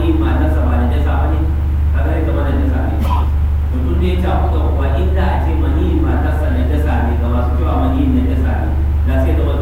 wuri matarsa ba da jasa ba ne kaga ita ma da jasa ne mutum da ya tafi ga uba inda a ce mani matarsa na jasa ne ga masu cewa mani na jasa ne da sai da